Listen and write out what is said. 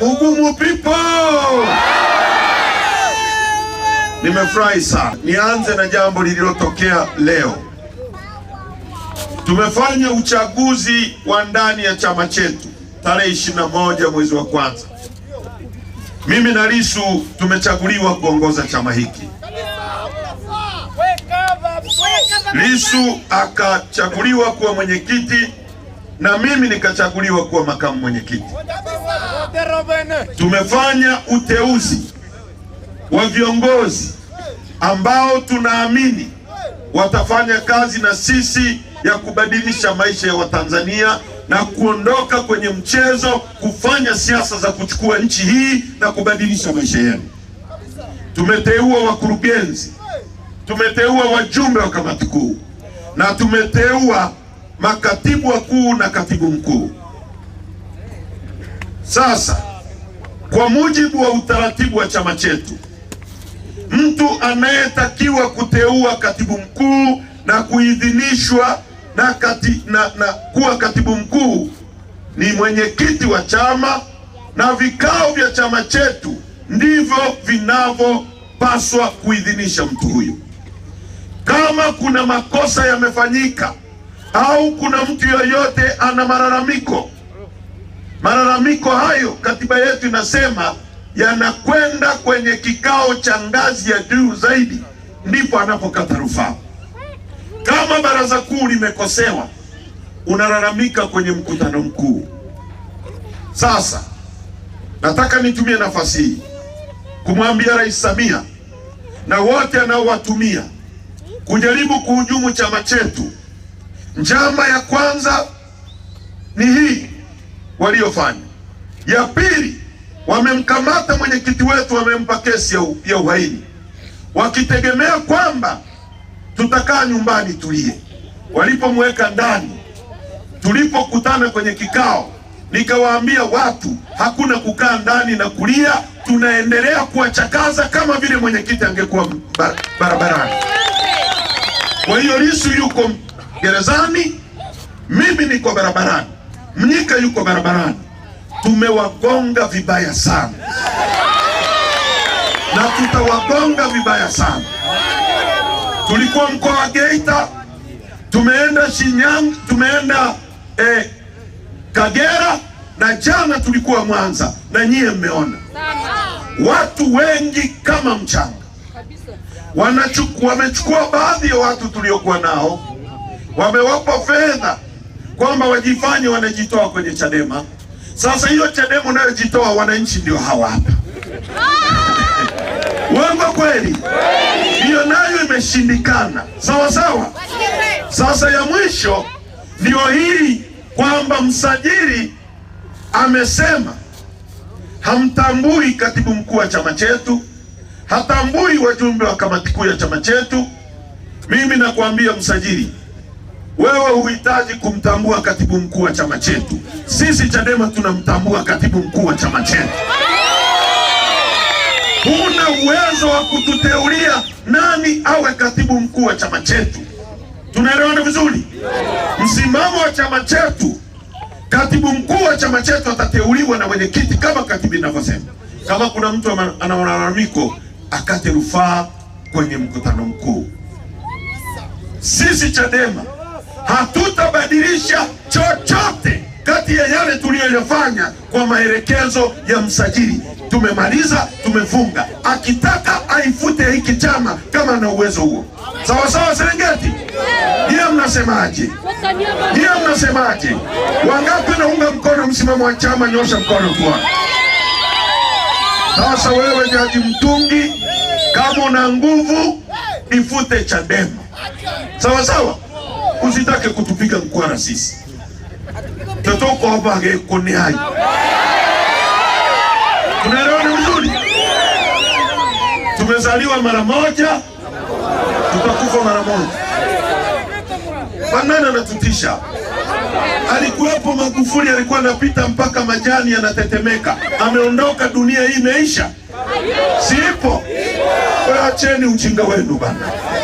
Ugumu people. Nimefurahi sana. Nianze na jambo lililotokea leo. Tumefanya uchaguzi wa ndani ya chama chetu tarehe 21 mwezi wa kwanza. Mimi na Lissu tumechaguliwa kuongoza chama hiki. Lissu akachaguliwa kuwa mwenyekiti na mimi nikachaguliwa kuwa makamu mwenyekiti. Tumefanya uteuzi wa viongozi ambao tunaamini watafanya kazi na sisi ya kubadilisha maisha ya Watanzania na kuondoka kwenye mchezo kufanya siasa za kuchukua nchi hii na kubadilisha maisha yenu. Tumeteua wakurugenzi, tumeteua wajumbe wa kamati kuu na tumeteua makatibu wakuu na katibu mkuu. Sasa kwa mujibu wa utaratibu wa chama chetu, mtu anayetakiwa kuteua katibu mkuu na kuidhinishwa na, kati, na, na kuwa katibu mkuu ni mwenyekiti wa chama na vikao vya chama chetu ndivyo vinavyopaswa kuidhinisha mtu huyo. Kama kuna makosa yamefanyika au kuna mtu yoyote ana malalamiko Malalamiko hayo katiba yetu inasema yanakwenda kwenye kikao cha ngazi ya juu zaidi, ndipo anapokata rufaa. Kama baraza kuu limekosewa, unalalamika kwenye mkutano mkuu. Sasa nataka nitumie nafasi hii kumwambia Rais Samia na wote anaowatumia kujaribu kuhujumu chama chetu. Njama ya kwanza ni hii waliofanya. Ya pili, wamemkamata mwenyekiti wetu, wamempa kesi ya, uhaini wakitegemea kwamba tutakaa nyumbani tulie. Walipomweka ndani, tulipokutana kwenye kikao, nikawaambia watu hakuna kukaa ndani na kulia, tunaendelea kuwachakaza kama vile mwenyekiti angekuwa barabarani. Kwa hiyo Lissu yuko gerezani, mimi niko barabarani. Mnyika yuko barabarani, tumewagonga vibaya sana na tutawagonga vibaya sana. Tulikuwa mkoa wa Geita, tumeenda Shinyanga, tumeenda eh, Kagera na jana tulikuwa Mwanza na nyiye mmeona watu wengi kama mchanga wanachukua, wamechukua baadhi ya watu tuliokuwa nao, wamewapa fedha kwamba wajifanye wanajitoa kwenye Chadema. Sasa hiyo Chadema unayojitoa wananchi ndio hawa hapa wengo ah! kweli? Hiyo nayo imeshindikana, sawa sawa. Sasa ya mwisho ndio hili kwamba msajili amesema hamtambui katibu mkuu wa chama chetu, hatambui wajumbe wa kamati kuu ya chama chetu. Mimi nakwambia msajili wewe huhitaji kumtambua katibu mkuu wa chama chetu. Sisi Chadema tunamtambua katibu mkuu wa chama chetu. Huna uwezo wa kututeulia nani awe katibu mkuu wa chama chetu. Tunaelewana vizuri? Msimamo wa chama chetu, katibu mkuu wa chama chetu atateuliwa na mwenyekiti kama katibu inavyosema. Kama kuna mtu ana malalamiko akate rufaa kwenye mkutano mkuu. Sisi Chadema hatutabadilisha chochote kati ya yale tuliyoyafanya kwa maelekezo ya msajili. Tumemaliza, tumefunga. Akitaka aifute hiki chama kama ana uwezo huo. Sawa sawa, Serengeti. Ndiye mnasemaje? Ndiye mnasemaje? Wangapi naunga mkono msimamo wa chama? Nyosha mkono kwa. Sasa wewe Jaji Mtungi, kama una nguvu ifute Chadema. Sawa sawa usitake kutupiga mkwara sisi tatoko hapa kone hai unaelewa ni vizuri tumezaliwa mara moja tutakufa mara moja banana anatutisha alikuwepo magufuli alikuwa anapita mpaka majani yanatetemeka ameondoka dunia hii imeisha sipo acheni uchinga wenu bana